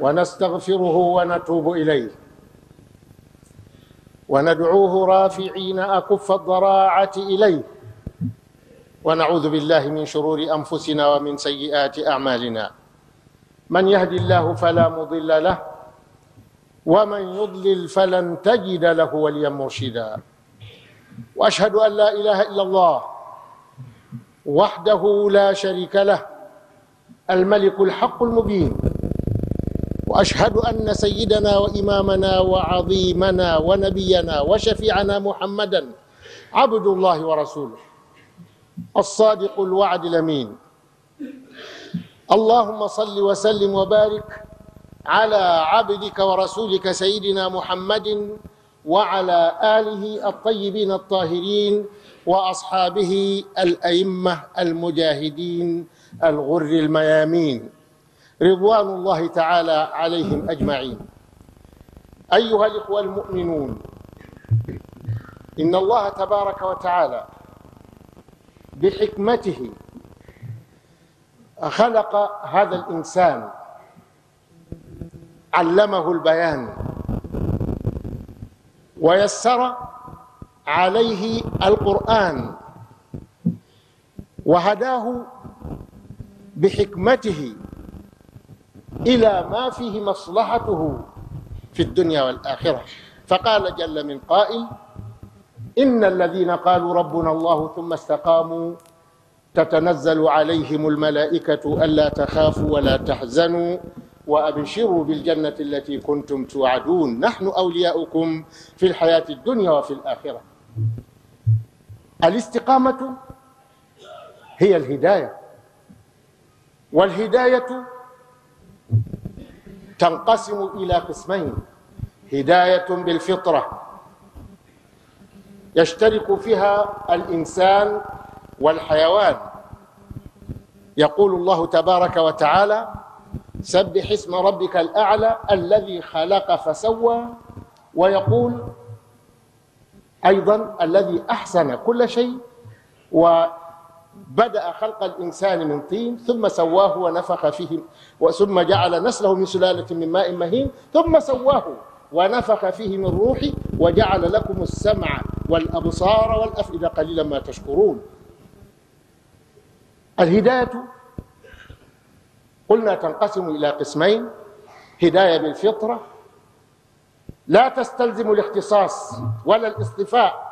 ونستغفره ونتوب اليه وندعوه رافعين اكف الضراعه اليه ونعوذ بالله من شرور انفسنا ومن سيئات اعمالنا من يهدي الله فلا مضل له ومن يضلل فلن تجد له وليا مرشدا واشهد ان لا اله الا الله وحده لا شريك له الملك الحق المبين أشهد ان سيدنا وامامنا وعظيمنا ونبينا وشفيعنا محمدا عبد الله ورسوله الصادق الوعد الامين اللهم صل وسلم وبارك على عبدك ورسولك سيدنا محمد وعلى اله الطيبين الطاهرين واصحابه الائمه المجاهدين الغر الميامين رضوان الله تعالى عليهم اجمعين ايها الاخوه المؤمنون ان الله تبارك وتعالى بحكمته خلق هذا الانسان علمه البيان ويسر عليه القران وهداه بحكمته إلى ما فيه مصلحته في الدنيا والآخرة فقال جل من قائل إن الذين قالوا ربنا الله ثم استقاموا تتنزل عليهم الملائكة ألا تخافوا ولا تحزنوا وأبشروا بالجنة التي كنتم توعدون نحن أولياؤكم في الحياة الدنيا وفي الآخرة الاستقامة هي الهداية والهداية تنقسم إلى قسمين هداية بالفطرة يشترك فيها الإنسان والحيوان يقول الله تبارك وتعالى سبح اسم ربك الأعلى الذي خلق فسوى ويقول أيضا الذي أحسن كل شيء و بدأ خلق الإنسان من طين ثم سواه ونفخ فيه ثم جعل نسله من سلالة من ماء مهين ثم سواه ونفخ فيه من روحي وجعل لكم السمع والأبصار والأفئدة قليلا ما تشكرون الهداية قلنا تنقسم إلى قسمين هداية بالفطرة لا تستلزم الاختصاص ولا الاصطفاء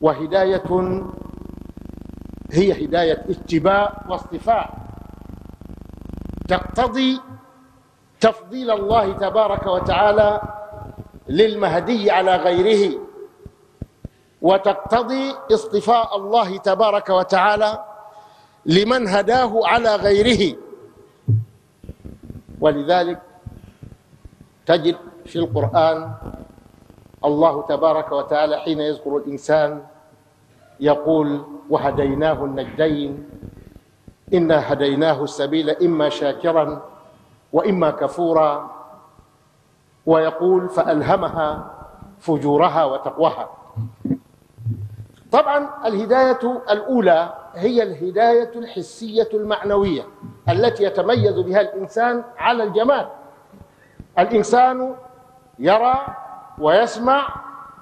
وهداية هي هداية اتباع واصطفاء تقتضي تفضيل الله تبارك وتعالى للمهدي على غيره وتقتضي اصطفاء الله تبارك وتعالى لمن هداه على غيره ولذلك تجد في القرآن الله تبارك وتعالى حين يذكر الإنسان يقول وهديناه النجدين إنا هديناه السبيل إما شاكرا وإما كفورا ويقول فألهمها فجورها وتقواها طبعا الهداية الأولى هي الهداية الحسية المعنوية التي يتميز بها الإنسان على الجمال الإنسان يرى ويسمع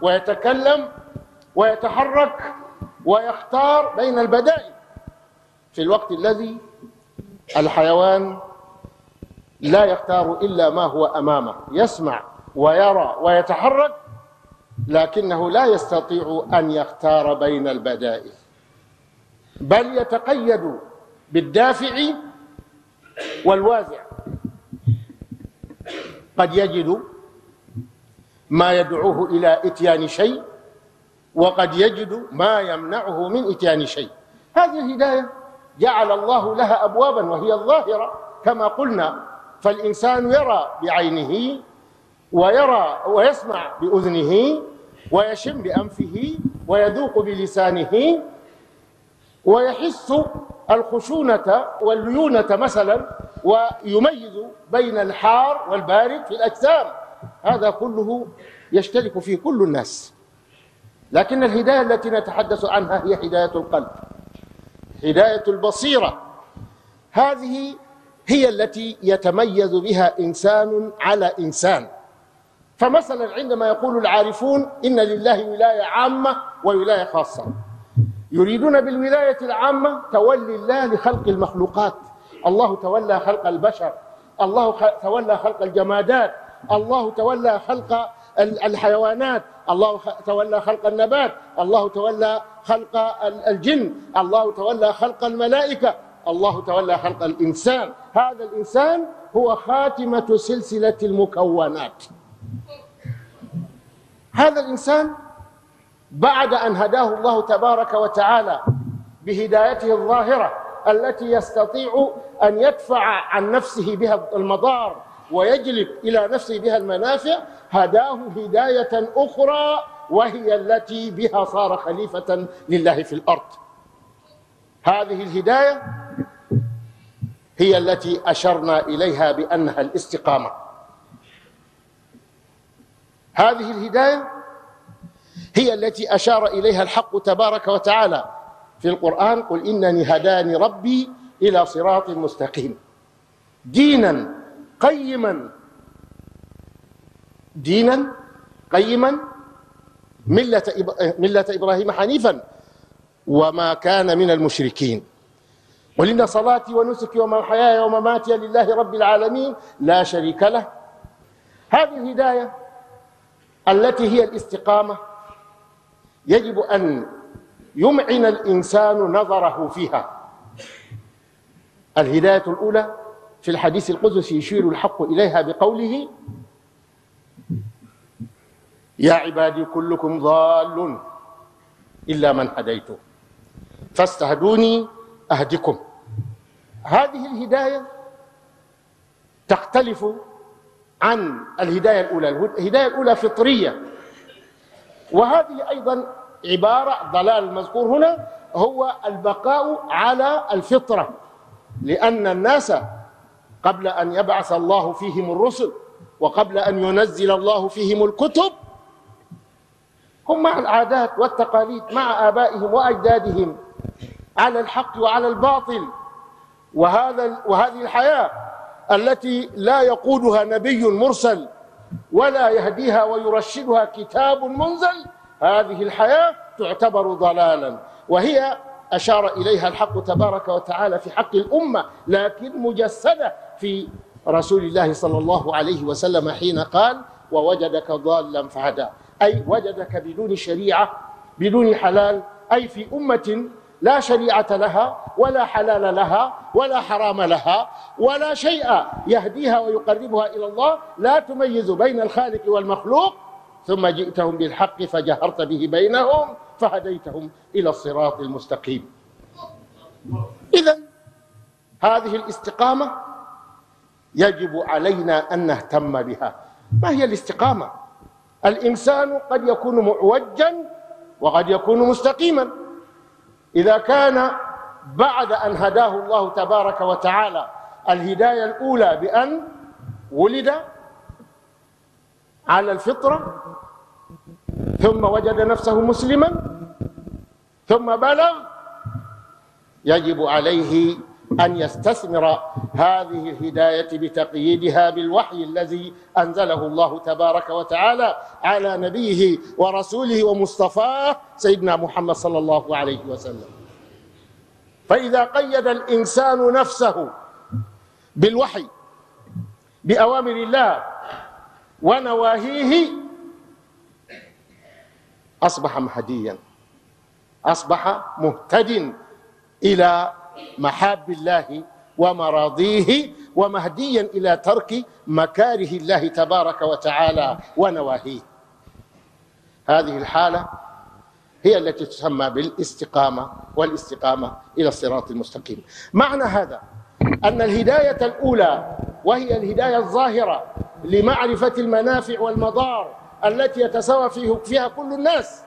ويتكلم ويتحرك ويختار بين البدائل في الوقت الذي الحيوان لا يختار الا ما هو امامه يسمع ويرى ويتحرك لكنه لا يستطيع ان يختار بين البدائل بل يتقيد بالدافع والوازع قد يجد ما يدعوه الى اتيان شيء وقد يجد ما يمنعه من إتيان شيء هذه الهداية جعل الله لها أبوابا وهي الظاهرة كما قلنا فالإنسان يرى بعينه ويرى ويسمع بأذنه ويشم بأنفه ويذوق بلسانه ويحس الخشونة والليونة مثلا ويميز بين الحار والبارد في الأجسام هذا كله يشترك فيه كل الناس لكن الهداية التي نتحدث عنها هي هداية القلب هداية البصيرة هذه هي التي يتميز بها إنسان على إنسان فمثلا عندما يقول العارفون إن لله ولاية عامة وولاية خاصة يريدون بالولاية العامة تولي الله لخلق المخلوقات الله تولى خلق البشر الله تولى خلق الجمادات الله تولى خلق الحيوانات الله تولى خلق النبات الله تولى خلق الجن الله تولى خلق الملائكة الله تولى خلق الإنسان هذا الإنسان هو خاتمة سلسلة المكونات هذا الإنسان بعد أن هداه الله تبارك وتعالى بهدايته الظاهرة التي يستطيع أن يدفع عن نفسه بها المضار ويجلب إلى نفسه بها المنافع هداه هداية أخرى وهي التي بها صار خليفة لله في الأرض هذه الهداية هي التي أشرنا إليها بأنها الاستقامة هذه الهداية هي التي أشار إليها الحق تبارك وتعالى في القرآن قل إنني هداني ربي إلى صراط مستقيم دينا قيما دينا قيما ملة ملة إبراهيم حنيفا وما كان من المشركين قل إن صلاتي ونسكي ومحياي ومماتي لله رب العالمين لا شريك له هذه الهداية التي هي الاستقامة يجب أن يمعن الإنسان نظره فيها الهداية الأولى في الحديث القدسي يشير الحق إليها بقوله يا عبادي كلكم ضال إلا من هديته فاستهدوني أهدكم هذه الهداية تختلف عن الهداية الأولى الهداية الأولى فطرية وهذه أيضا عبارة ضلال المذكور هنا هو البقاء على الفطرة لأن الناس قبل ان يبعث الله فيهم الرسل وقبل ان ينزل الله فيهم الكتب هم مع العادات والتقاليد مع ابائهم واجدادهم على الحق وعلى الباطل وهذا وهذه الحياه التي لا يقودها نبي مرسل ولا يهديها ويرشدها كتاب منزل هذه الحياه تعتبر ضلالا وهي أشار إليها الحق تبارك وتعالى في حق الأمة لكن مجسدة في رسول الله صلى الله عليه وسلم حين قال ووجدك ضالا فهدى أي وجدك بدون شريعة بدون حلال أي في أمة لا شريعة لها ولا حلال لها ولا حرام لها ولا شيء يهديها ويقربها إلى الله لا تميز بين الخالق والمخلوق ثم جئتهم بالحق فجهرت به بينهم فهديتهم إلى الصراط المستقيم إذا هذه الاستقامة يجب علينا أن نهتم بها ما هي الاستقامة؟ الإنسان قد يكون معوجا وقد يكون مستقيما إذا كان بعد أن هداه الله تبارك وتعالى الهداية الأولى بأن ولد على الفطرة ثم وجد نفسه مسلما ثم بلغ يجب عليه أن يستثمر هذه الهداية بتقييدها بالوحي الذي أنزله الله تبارك وتعالى على نبيه ورسوله ومصطفاه سيدنا محمد صلى الله عليه وسلم فإذا قيد الإنسان نفسه بالوحي بأوامر الله ونواهيه أصبح مهديا أصبح مهتد إلى محاب الله ومراضيه ومهديا إلى ترك مكاره الله تبارك وتعالى ونواهيه هذه الحالة هي التي تسمى بالاستقامة والاستقامة إلى الصراط المستقيم معنى هذا أن الهداية الأولى وهي الهداية الظاهرة لمعرفة المنافع والمضار التي يتساوى فيه فيها كل الناس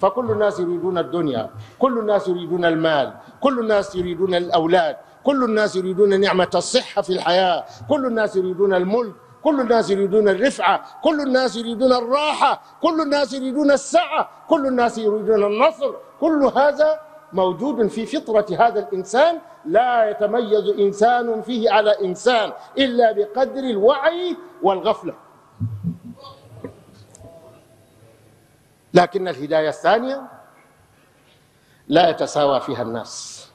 فكل الناس يريدون الدنيا كل الناس يريدون المال كل الناس يريدون الأولاد كل الناس يريدون نعمة الصحة في الحياة كل الناس يريدون الملك كل الناس يريدون الرفعة كل الناس يريدون الراحة كل الناس يريدون السعة كل الناس يريدون النصر كل هذا موجود في فطرة هذا الإنسان لا يتميز إنسان فيه على إنسان إلا بقدر الوعي والغفلة لكن الهداية الثانية لا يتساوى فيها الناس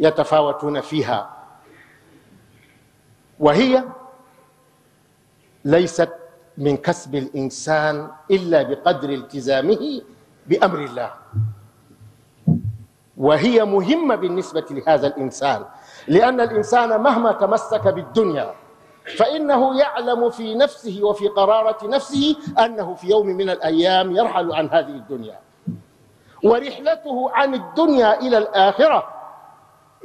يتفاوتون فيها وهي ليست من كسب الإنسان إلا بقدر التزامه بأمر الله وهي مهمة بالنسبة لهذا الإنسان لأن الإنسان مهما تمسك بالدنيا فإنه يعلم في نفسه وفي قرارة نفسه أنه في يوم من الأيام يرحل عن هذه الدنيا ورحلته عن الدنيا إلى الآخرة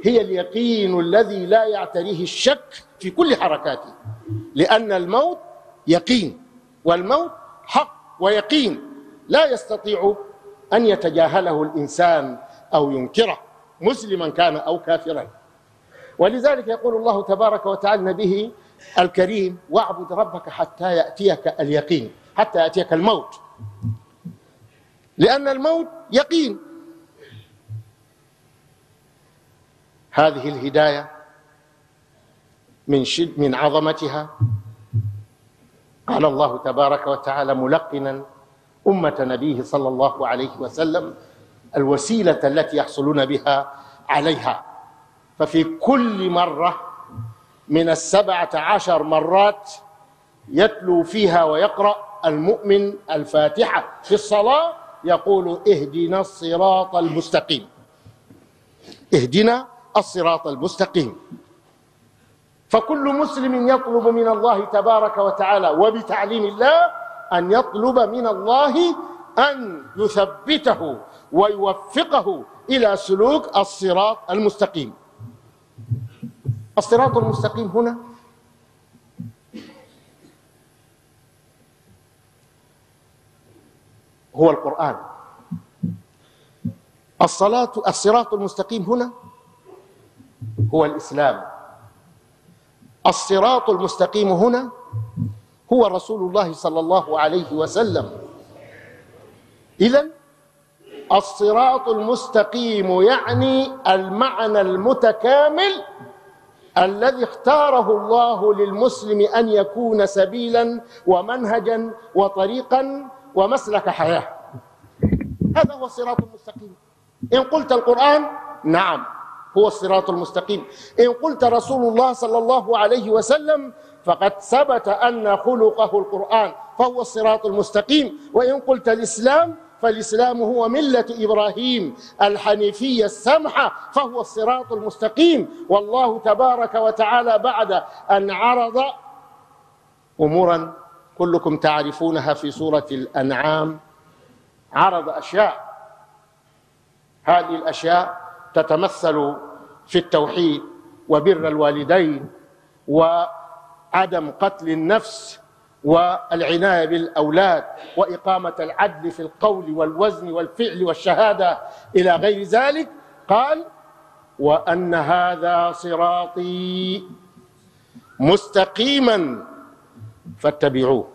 هي اليقين الذي لا يعتريه الشك في كل حركاته لأن الموت يقين والموت حق ويقين لا يستطيع أن يتجاهله الإنسان أو ينكره مسلما كان أو كافرا ولذلك يقول الله تبارك وتعالى به الكريم واعبد ربك حتى يأتيك اليقين حتى يأتيك الموت لأن الموت يقين هذه الهداية من شد من عظمتها قال الله تبارك وتعالى ملقنا أمة نبيه صلى الله عليه وسلم الوسيلة التي يحصلون بها عليها ففي كل مرة من السبعة عشر مرات يتلو فيها ويقرأ المؤمن الفاتحة في الصلاة يقول اهدنا الصراط المستقيم اهدنا الصراط المستقيم فكل مسلم يطلب من الله تبارك وتعالى وبتعليم الله أن يطلب من الله أن يثبته ويوفقه إلى سلوك الصراط المستقيم الصراط المستقيم هنا هو القرآن الصلاة الصراط المستقيم هنا هو الإسلام الصراط المستقيم هنا هو رسول الله صلى الله عليه وسلم إذا الصراط المستقيم يعني المعنى المتكامل الذي اختاره الله للمسلم ان يكون سبيلا ومنهجا وطريقا ومسلك حياه هذا هو الصراط المستقيم ان قلت القران نعم هو الصراط المستقيم ان قلت رسول الله صلى الله عليه وسلم فقد ثبت ان خلقه القران فهو الصراط المستقيم وان قلت الاسلام فالإسلام هو ملة إبراهيم الحنيفية السمحة فهو الصراط المستقيم والله تبارك وتعالى بعد أن عرض أمورا كلكم تعرفونها في سورة الأنعام عرض أشياء هذه الأشياء تتمثل في التوحيد وبر الوالدين وعدم قتل النفس والعناية بالأولاد وإقامة العدل في القول والوزن والفعل والشهادة إلى غير ذلك قال وأن هذا صراطي مستقيما فاتبعوه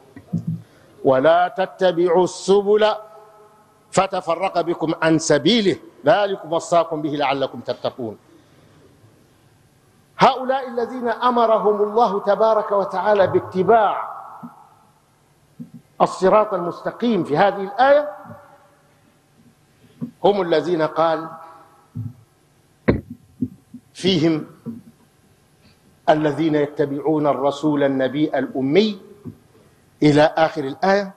ولا تتبعوا السبل فتفرق بكم عن سبيله ذلك وصاكم به لعلكم تتقون هؤلاء الذين امرهم الله تبارك وتعالى باتباع الصراط المستقيم في هذه الآية هم الذين قال فيهم الذين يتبعون الرسول النبي الأمي إلى آخر الآية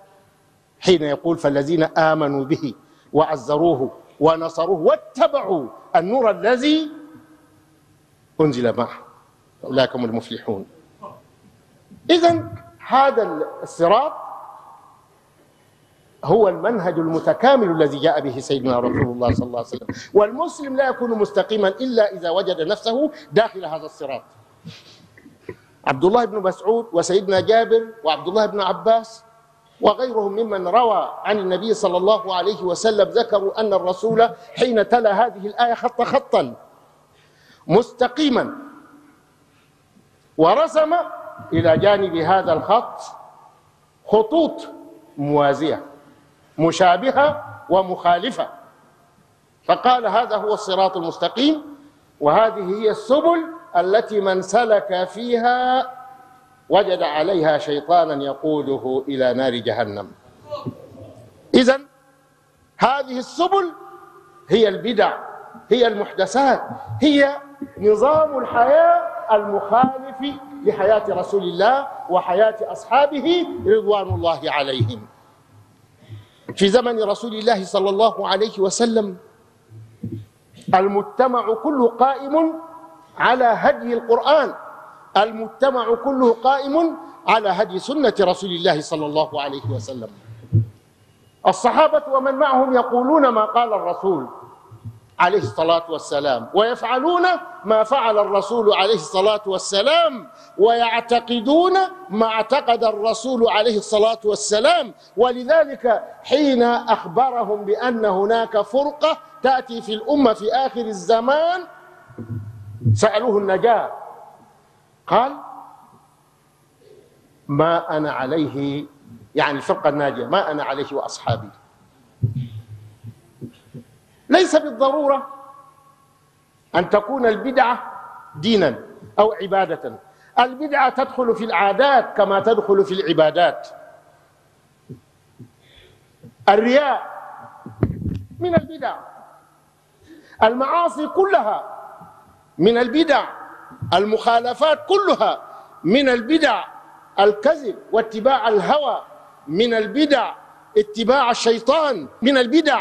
حين يقول فالذين آمنوا به وعزروه ونصروه واتبعوا النور الذي أنزل معه أولئك هم المفلحون إذا هذا الصراط هو المنهج المتكامل الذي جاء به سيدنا رسول الله صلى الله عليه وسلم والمسلم لا يكون مستقيما إلا إذا وجد نفسه داخل هذا الصراط عبد الله بن مسعود وسيدنا جابر وعبد الله بن عباس وغيرهم ممن روى عن النبي صلى الله عليه وسلم ذكروا أن الرسول حين تلا هذه الآية خط خطا مستقيما ورسم إلى جانب هذا الخط خطوط موازية مشابهة ومخالفة فقال هذا هو الصراط المستقيم وهذه هي السبل التي من سلك فيها وجد عليها شيطانا يقوده إلى نار جهنم إذا هذه السبل هي البدع هي المحدثات هي نظام الحياة المخالف لحياة رسول الله وحياة أصحابه رضوان الله عليهم في زمن رسول الله صلى الله عليه وسلم المجتمع كله قائم على هدي القرآن المجتمع كله قائم على هدي سنة رسول الله صلى الله عليه وسلم الصحابة ومن معهم يقولون ما قال الرسول عليه الصلاه والسلام ويفعلون ما فعل الرسول عليه الصلاه والسلام ويعتقدون ما اعتقد الرسول عليه الصلاه والسلام ولذلك حين اخبرهم بان هناك فرقه تاتي في الامه في اخر الزمان سالوه النجاه قال ما انا عليه يعني الفرقه الناجيه ما انا عليه واصحابي ليس بالضرورة أن تكون البدعة دينا أو عبادة البدعة تدخل في العادات كما تدخل في العبادات الرياء من البدع المعاصي كلها من البدع المخالفات كلها من البدع الكذب واتباع الهوى من البدع اتباع الشيطان من البدع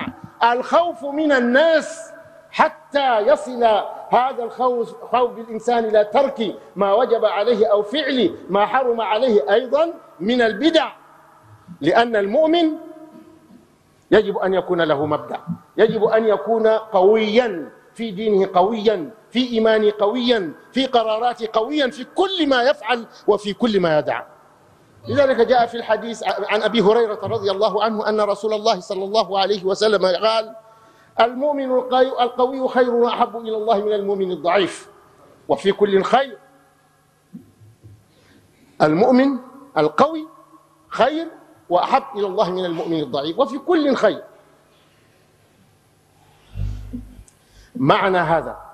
الخوف من الناس حتى يصل هذا الخوف خوف بالإنسان إلى ترك ما وجب عليه أو فعل ما حرم عليه أيضا من البدع لأن المؤمن يجب أن يكون له مبدأ يجب أن يكون قويا في دينه قويا في إيمانه قويا في قراراته قويا في كل ما يفعل وفي كل ما يدعم لذلك جاء في الحديث عن أبي هريرة رضي الله عنه أن رسول الله صلى الله عليه وسلم قال المؤمن القوي خير وأحب إلى الله من المؤمن الضعيف وفي كل خير المؤمن القوي خير وأحب إلى الله من المؤمن الضعيف وفي كل خير معنى هذا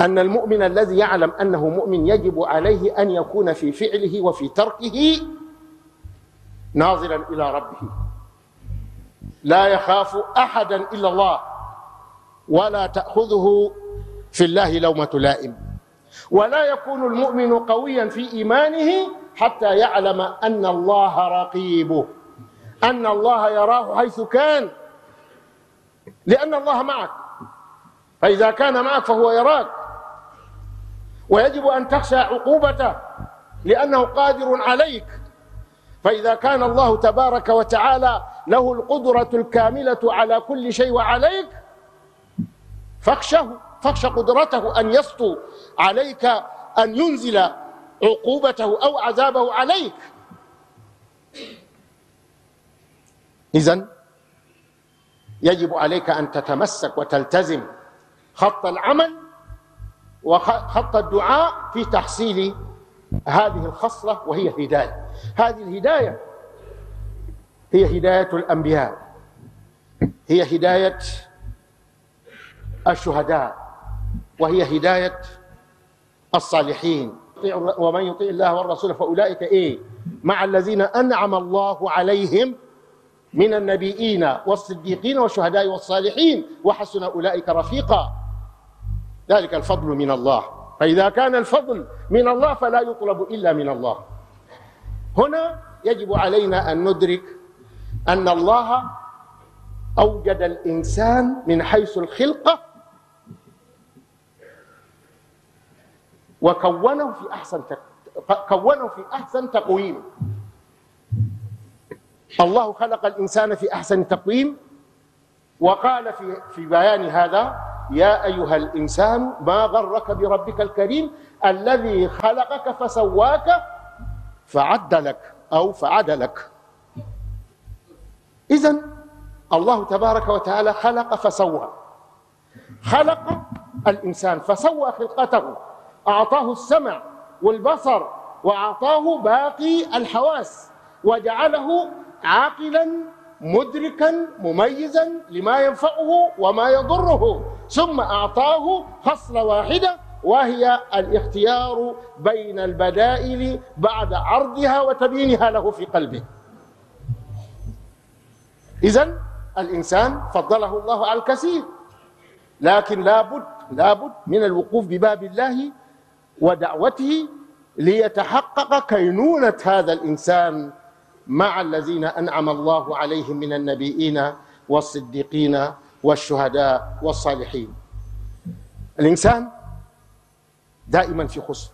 أن المؤمن الذي يعلم أنه مؤمن يجب عليه أن يكون في فعله وفي تركه ناظرا إلى ربه لا يخاف أحدا إلا الله ولا تأخذه في الله لومة لائم ولا يكون المؤمن قويا في إيمانه حتى يعلم أن الله رقيبه أن الله يراه حيث كان لأن الله معك فإذا كان معك فهو يراك ويجب أن تخشى عقوبته لأنه قادر عليك فإذا كان الله تبارك وتعالى له القدرة الكاملة على كل شيء وعليك فاخشه فاخش قدرته أن يسطو عليك أن ينزل عقوبته أو عذابه عليك إذا يجب عليك أن تتمسك وتلتزم خط العمل وخط الدعاء في تحصيل هذه الخصلة وهي الهداية هذه الهداية هي هداية الأنبياء هي هداية الشهداء وهي هداية الصالحين ومن يطيع الله والرسول فأولئك إيه مع الذين أنعم الله عليهم من النبيين والصديقين والشهداء والصالحين وحسن أولئك رفيقا ذلك الفضل من الله فإذا كان الفضل من الله فلا يطلب إلا من الله هنا يجب علينا أن ندرك أن الله أوجد الإنسان من حيث الخلقة وكونه في أحسن كونه في أحسن تقويم الله خلق الإنسان في أحسن تقويم وقال في في بيان هذا يا أيها الإنسان ما غرك بربك الكريم الذي خلقك فسواك فعدلك أو فعدلك إذا الله تبارك وتعالى خلق فسوى خلق الإنسان فسوى خلقته أعطاه السمع والبصر وأعطاه باقي الحواس وجعله عاقلا مدركا مميزا لما ينفعه وما يضره ثم أعطاه خصلة واحدة وهي الاختيار بين البدائل بعد عرضها وتبيينها له في قلبه إذا الإنسان فضله الله على الكثير لكن لابد لابد من الوقوف بباب الله ودعوته ليتحقق كينونة هذا الإنسان مع الذين انعم الله عليهم من النبيين والصديقين والشهداء والصالحين الانسان دائما في خسر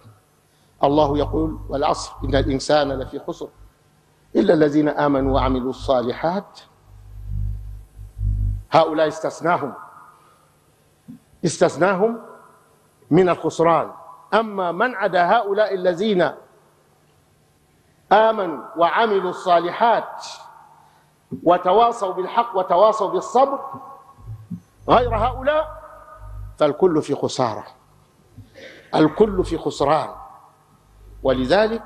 الله يقول والعصر ان الانسان لفي خسر الا الذين امنوا وعملوا الصالحات هؤلاء استثناهم استثناهم من الخسران اما من عدا هؤلاء الذين آمنوا وعملوا الصالحات وتواصوا بالحق وتواصوا بالصبر غير هؤلاء فالكل في خسارة الكل في خسران ولذلك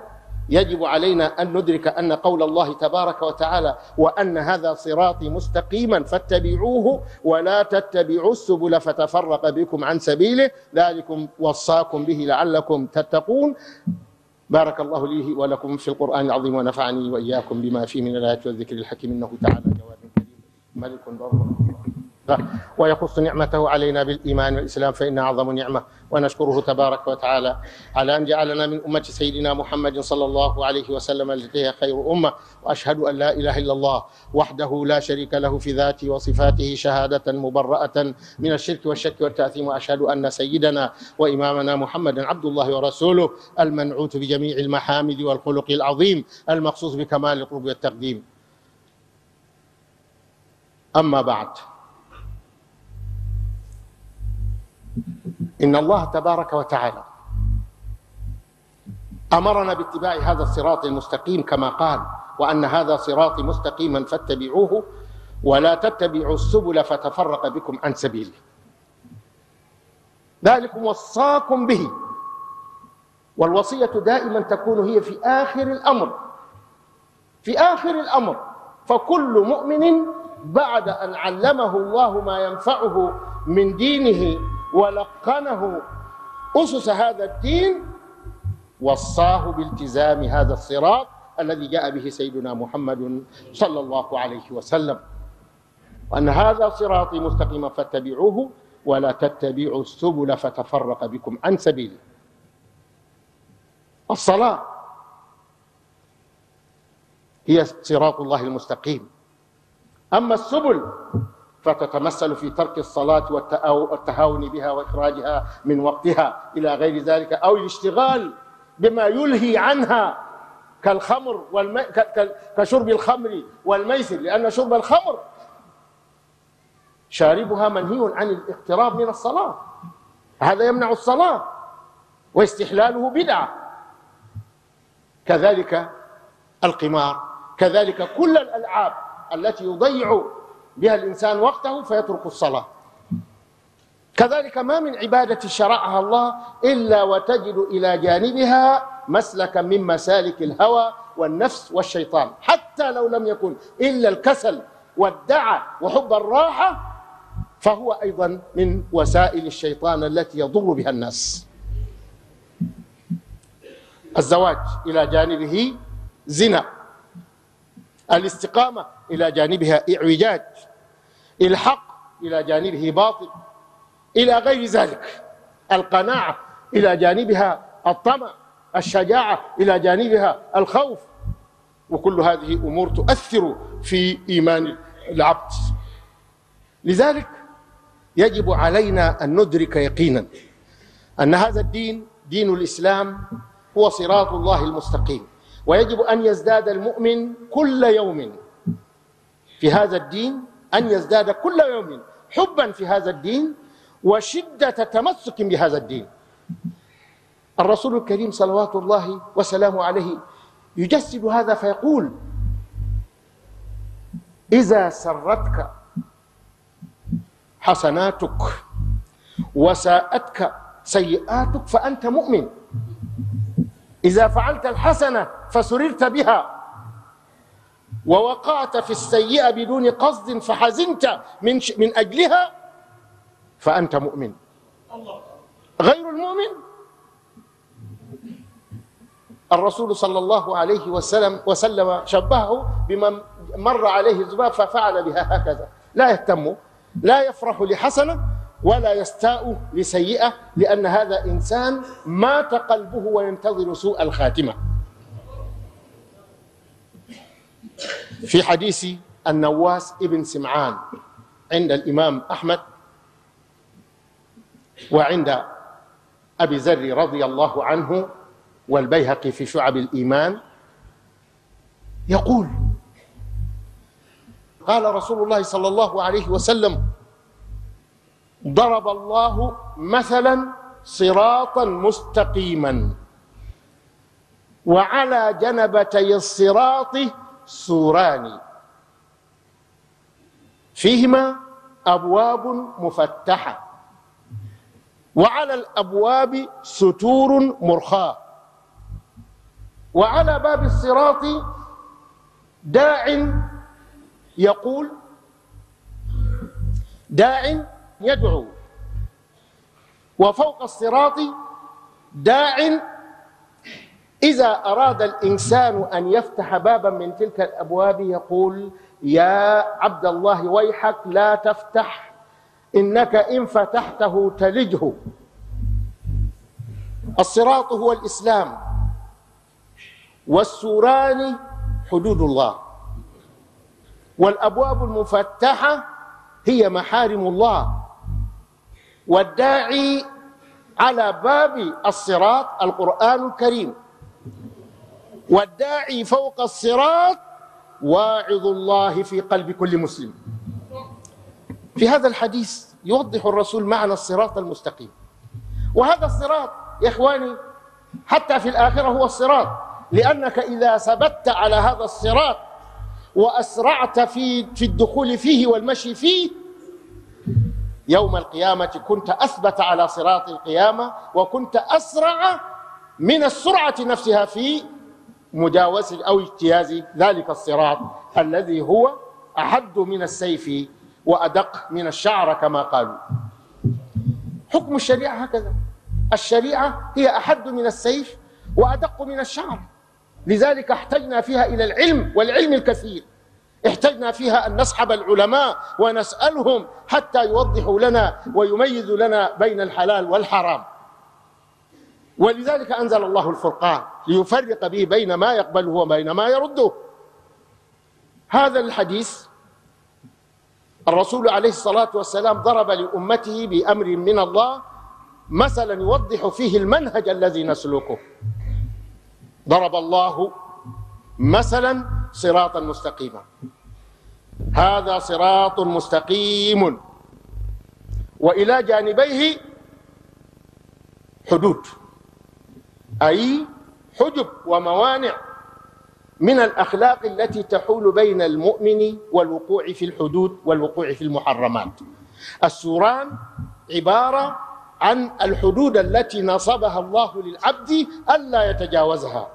يجب علينا أن ندرك أن قول الله تبارك وتعالى وأن هذا صراطي مستقيما فاتبعوه ولا تتبعوا السبل فتفرق بكم عن سبيله ذلكم وصاكم به لعلكم تتقون بارك الله لي ولكم في القرآن العظيم ونفعني وإياكم بما فيه من الآيات والذكر الحكيم إنه تعالى جواد كريم ملك بر ويخص نعمته علينا بالإيمان والإسلام فإن أعظم نعمة ونشكره تبارك وتعالى على أن جعلنا من أمة سيدنا محمد صلى الله عليه وسلم التي هي خير أمة وأشهد أن لا إله إلا الله وحده لا شريك له في ذاته وصفاته شهادة مبرأة من الشرك والشك والتأثيم وأشهد أن سيدنا وإمامنا محمدا عبد الله ورسوله المنعوت بجميع المحامد والخلق العظيم المخصوص بكمال القرب والتقديم أما بعد إن الله تبارك وتعالى أمرنا باتباع هذا الصراط المستقيم كما قال وأن هذا صراطي مستقيما فاتبعوه ولا تتبعوا السبل فتفرق بكم عن سبيله ذلك وصاكم به والوصية دائما تكون هي في آخر الأمر في آخر الأمر فكل مؤمن بعد أن علمه الله ما ينفعه من دينه ولقنه أسس هذا الدين وصاه بالتزام هذا الصراط الذي جاء به سيدنا محمد صلى الله عليه وسلم وأن هذا صراطي مستقيما فاتبعوه ولا تتبعوا السبل فتفرق بكم عن سبيله الصلاة هي صراط الله المستقيم أما السبل فتتمثل في ترك الصلاة والتهاون بها وإخراجها من وقتها إلى غير ذلك أو الاشتغال بما يلهي عنها كالخمر والم... كشرب الخمر والميسر لأن شرب الخمر شاربها منهي عن الاقتراب من الصلاة هذا يمنع الصلاة واستحلاله بدعة كذلك القمار كذلك كل الألعاب التي يضيع بها الإنسان وقته فيترك الصلاة كذلك ما من عبادة شرعها الله إلا وتجد إلى جانبها مسلكا من مسالك الهوى والنفس والشيطان حتى لو لم يكن إلا الكسل والدعى وحب الراحة فهو أيضا من وسائل الشيطان التي يضر بها الناس الزواج إلى جانبه زنا الاستقامة إلى جانبها إعوجاج الحق إلى جانبه باطل إلى غير ذلك القناعة إلى جانبها الطمع الشجاعة إلى جانبها الخوف وكل هذه أمور تؤثر في إيمان العبد لذلك يجب علينا أن ندرك يقينا أن هذا الدين دين الإسلام هو صراط الله المستقيم ويجب أن يزداد المؤمن كل يوم في هذا الدين أن يزداد كل يوم حبا في هذا الدين وشدة تمسك بهذا الدين الرسول الكريم صلوات الله وسلامه عليه يجسد هذا فيقول إذا سرتك حسناتك وساءتك سيئاتك فأنت مؤمن إذا فعلت الحسنة فسررت بها ووقعت في السيئة بدون قصد فحزنت من, من أجلها فأنت مؤمن غير المؤمن الرسول صلى الله عليه وسلم وسلم شبهه بمن مر عليه الذباب ففعل بها هكذا لا يهتم لا يفرح لحسنه ولا يستاء لسيئه لان هذا انسان مات قلبه وينتظر سوء الخاتمه في حديث النواس ابن سمعان عند الإمام أحمد وعند أبي ذر رضي الله عنه والبيهقي في شعب الإيمان يقول قال رسول الله صلى الله عليه وسلم ضرب الله مثلا صراطا مستقيما وعلى جنبتي الصراط سوران فيهما أبواب مفتحة وعلى الأبواب ستور مرخاة وعلى باب الصراط داع يقول داع يدعو وفوق الصراط داع إذا أراد الإنسان أن يفتح بابا من تلك الأبواب يقول يا عبد الله ويحك لا تفتح إنك إن فتحته تلجه الصراط هو الإسلام والسوران حدود الله والأبواب المفتحة هي محارم الله والداعي على باب الصراط القرآن الكريم والداعي فوق الصراط واعظ الله في قلب كل مسلم في هذا الحديث يوضح الرسول معنى الصراط المستقيم وهذا الصراط يا إخواني حتى في الآخرة هو الصراط لأنك إذا ثبت على هذا الصراط وأسرعت في في الدخول فيه والمشي فيه يوم القيامة كنت أثبت على صراط القيامة وكنت أسرع من السرعة نفسها في مجاوزه أو اجتياز ذلك الصراط الذي هو أحد من السيف وأدق من الشعر كما قالوا حكم الشريعة هكذا الشريعة هي أحد من السيف وأدق من الشعر لذلك احتجنا فيها إلى العلم والعلم الكثير احتجنا فيها أن نسحب العلماء ونسألهم حتى يوضحوا لنا ويميزوا لنا بين الحلال والحرام ولذلك أنزل الله الفرقان ليفرق به بين ما يقبله وبين ما يرده هذا الحديث الرسول عليه الصلاة والسلام ضرب لأمته بأمر من الله مثلا يوضح فيه المنهج الذي نسلكه ضرب الله مثلا صراطا مستقيما هذا صراط مستقيم والى جانبيه حدود أي حجب وموانع من الأخلاق التي تحول بين المؤمن والوقوع في الحدود والوقوع في المحرمات السوران عبارة عن الحدود التي نصبها الله للعبد ألا يتجاوزها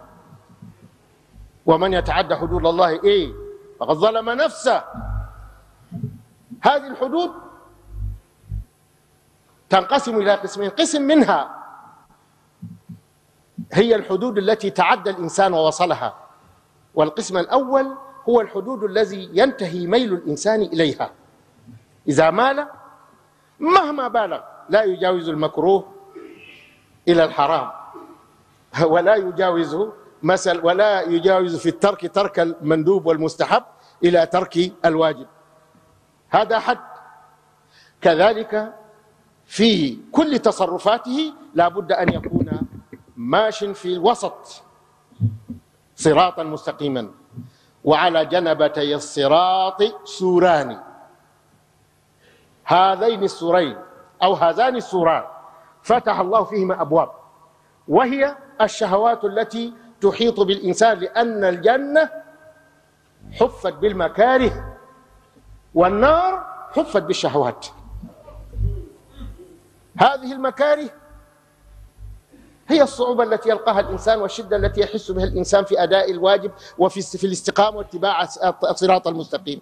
ومن يتعدى حدود الله إيه فقد ظلم نفسه هذه الحدود تنقسم إلى قسمين قسم منها هي الحدود التي تعدى الانسان ووصلها والقسم الاول هو الحدود الذي ينتهي ميل الانسان اليها اذا مال مهما بالغ لا يجاوز المكروه الى الحرام ولا يجاوز مثل ولا يجاوز في الترك ترك المندوب والمستحب الى ترك الواجب هذا حد كذلك في كل تصرفاته لا بد ان يكون ماش في الوسط صراطا مستقيما وعلى جنبتي الصراط سوران هذين السورين أو هذان السوران فتح الله فيهما أبواب وهي الشهوات التي تحيط بالإنسان لأن الجنة حفت بالمكاره والنار حفت بالشهوات هذه المكاره هي الصعوبة التي يلقاها الإنسان والشدة التي يحس بها الإنسان في أداء الواجب وفي في الاستقامة واتباع الصراط المستقيم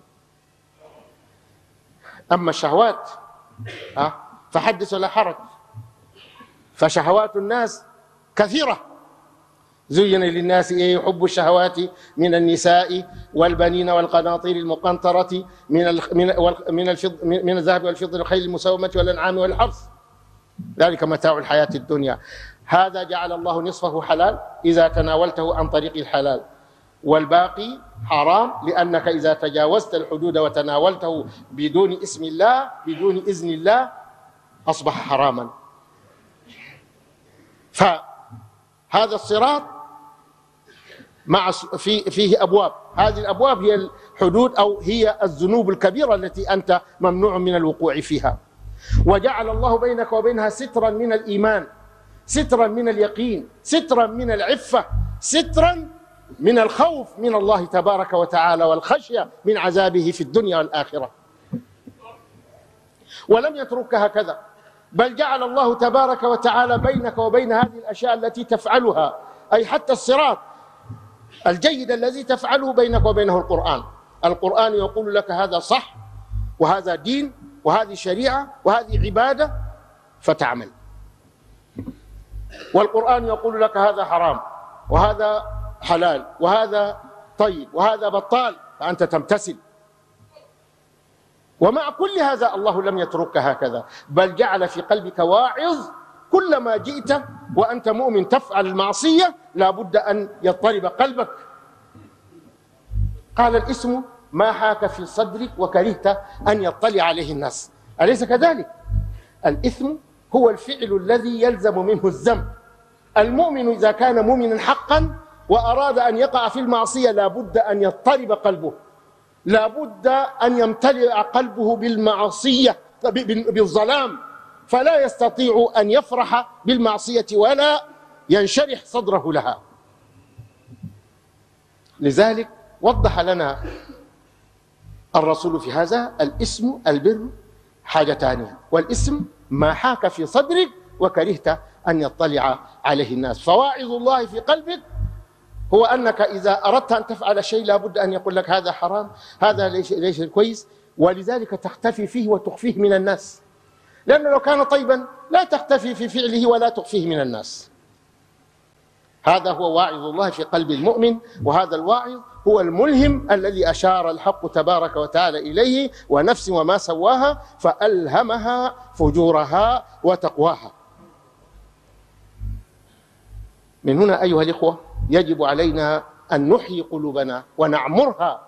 أما الشهوات فحدث ولا حرج فشهوات الناس كثيرة زين للناس إيه حب الشهوات من النساء والبنين والقناطير المقنطرة من من الفض من الذهب والفضة والخيل المسومة والأنعام والحرث ذلك متاع الحياة الدنيا هذا جعل الله نصفه حلال إذا تناولته عن طريق الحلال والباقي حرام لأنك إذا تجاوزت الحدود وتناولته بدون اسم الله بدون إذن الله أصبح حراما فهذا الصراط مع في فيه أبواب هذه الأبواب هي الحدود أو هي الذنوب الكبيرة التي أنت ممنوع من الوقوع فيها وجعل الله بينك وبينها سترا من الإيمان سترا من اليقين سترا من العفه سترا من الخوف من الله تبارك وتعالى والخشيه من عذابه في الدنيا والاخره ولم يترك هكذا بل جعل الله تبارك وتعالى بينك وبين هذه الاشياء التي تفعلها اي حتى الصراط الجيد الذي تفعله بينك وبينه القران القران يقول لك هذا صح وهذا دين وهذه شريعه وهذه عباده فتعمل والقرآن يقول لك هذا حرام وهذا حلال وهذا طيب وهذا بطال فأنت تمتثل ومع كل هذا الله لم يتركك هكذا بل جعل في قلبك واعظ كلما جئت وأنت مؤمن تفعل المعصية لابد أن يضطرب قلبك قال الاسم ما حاك في صدرك وكرهت أن يطلع عليه الناس أليس كذلك الإثم هو الفعل الذي يلزم منه الذنب المؤمن إذا كان مؤمنا حقا وأراد أن يقع في المعصية لابد أن يضطرب قلبه لابد أن يمتلئ قلبه بالمعصية بالظلام فلا يستطيع أن يفرح بالمعصية ولا ينشرح صدره لها لذلك وضح لنا الرسول في هذا الاسم البر حاجتان والاسم ما حاك في صدرك وكرهت أن يطلع عليه الناس فواعظ الله في قلبك هو أنك إذا أردت أن تفعل شيء لابد أن يقول لك هذا حرام هذا ليس, ليس كويس ولذلك تختفي فيه وتخفيه من الناس لأنه لو كان طيبا لا تختفي في فعله ولا تخفيه من الناس هذا هو واعظ الله في قلب المؤمن وهذا الواعظ هو الملهم الذي أشار الحق تبارك وتعالى إليه ونفس وما سواها فألهمها فجورها وتقواها من هنا أيها الإخوة يجب علينا أن نحيي قلوبنا ونعمرها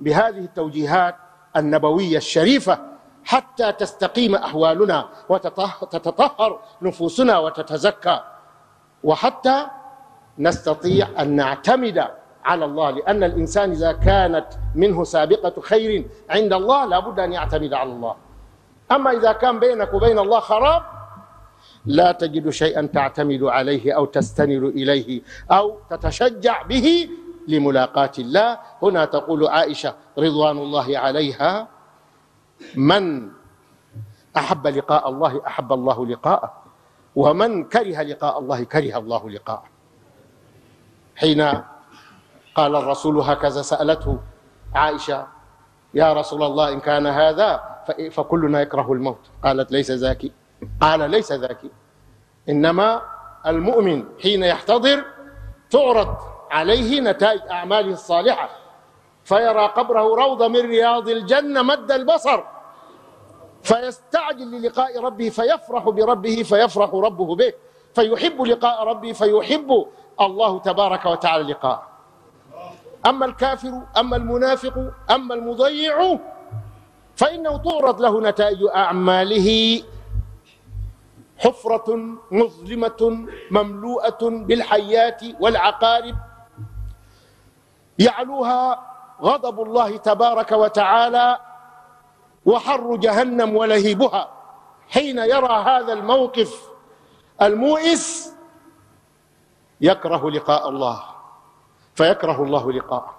بهذه التوجيهات النبوية الشريفة حتى تستقيم أحوالنا وتتطهر نفوسنا وتتزكى وحتى نستطيع أن نعتمد على الله لأن الإنسان إذا كانت منه سابقة خير عند الله لابد أن يعتمد على الله أما إذا كان بينك وبين الله خراب لا تجد شيئا تعتمد عليه أو تستند إليه أو تتشجع به لملاقاة الله هنا تقول عائشة رضوان الله عليها من أحب لقاء الله أحب الله لقاءه ومن كره لقاء الله كره الله لقاءه حين قال الرسول هكذا سألته عائشة يا رسول الله إن كان هذا فكلنا يكره الموت قالت ليس ذاك قال ليس ذاك إنما المؤمن حين يحتضر تعرض عليه نتائج أعماله الصالحة فيرى قبره روضة من رياض الجنة مد البصر فيستعجل للقاء ربه فيفرح بربه فيفرح ربه به فيحب لقاء ربه فيحب الله تبارك وتعالى لقاءه أما الكافر أما المنافق أما المضيع فإنه تعرض له نتائج أعماله حفرة مظلمة مملوءة بالحيات والعقارب يعلوها غضب الله تبارك وتعالى وحر جهنم ولهيبها حين يرى هذا الموقف الموئس يكره لقاء الله فيكره الله لقاءه